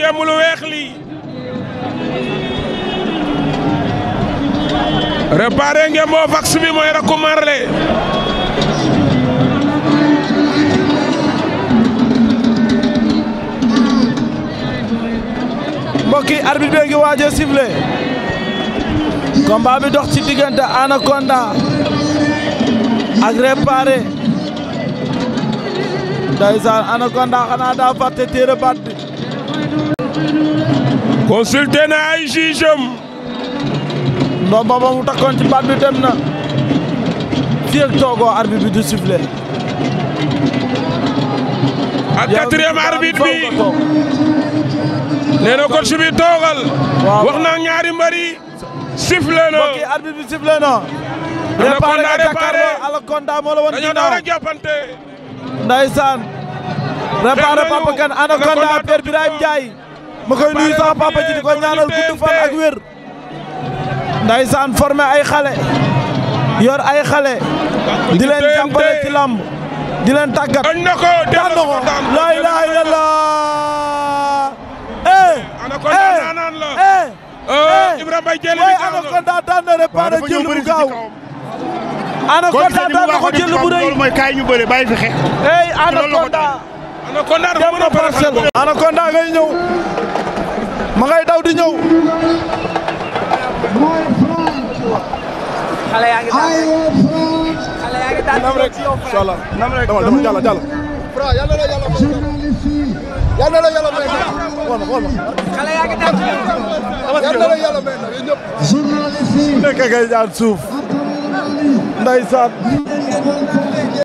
ngemb lu weex lii réparé ngemboo fax bi mooy mbokki arbitre bi dox ci diggante Anaconda ak réparé ndeysaan Anaconda xanaa daa fàtte téere baat consulté na ay juge am ndomba ba mu takkoon ci baat bi dem na fii ak toogoo arbitre bi du sifflé ak quatrième arbitre bi nee na coach bi toogal wax na ñaari mbari sifflé na mbokk yi arbitre bi sifflé na réparé nga jàkkaarloo Anaconda moo la woon ginnaaw dañoo daw rek jàppante ndeysaan réparé Papa Kane Anaconda Père Birahim ma koy nuyu sama papa ji di ko ñaanal gudd fan ak wér ndaysaan formé ay xale yor ay xale di leen ci làmb di leen tàggat añ na ko daan na ko la ilaha illallah eh jël bi anaconda daan na réparé na ko jël bu eh, a parcelle anaconda ngay ñëw ma ngay daw di ñëw. xale yaa ngi daal xale yaa ngi daal rek incha allah nam rek dama dama jàll jàll. Fra yal na la yàlla may yal na la yàlla may xool ma xool ma. xale yaa ngi daal yal na la yàlla may yéen ñëpp. journaliste yi. nekk ngay jaar suuf. ndeysaan.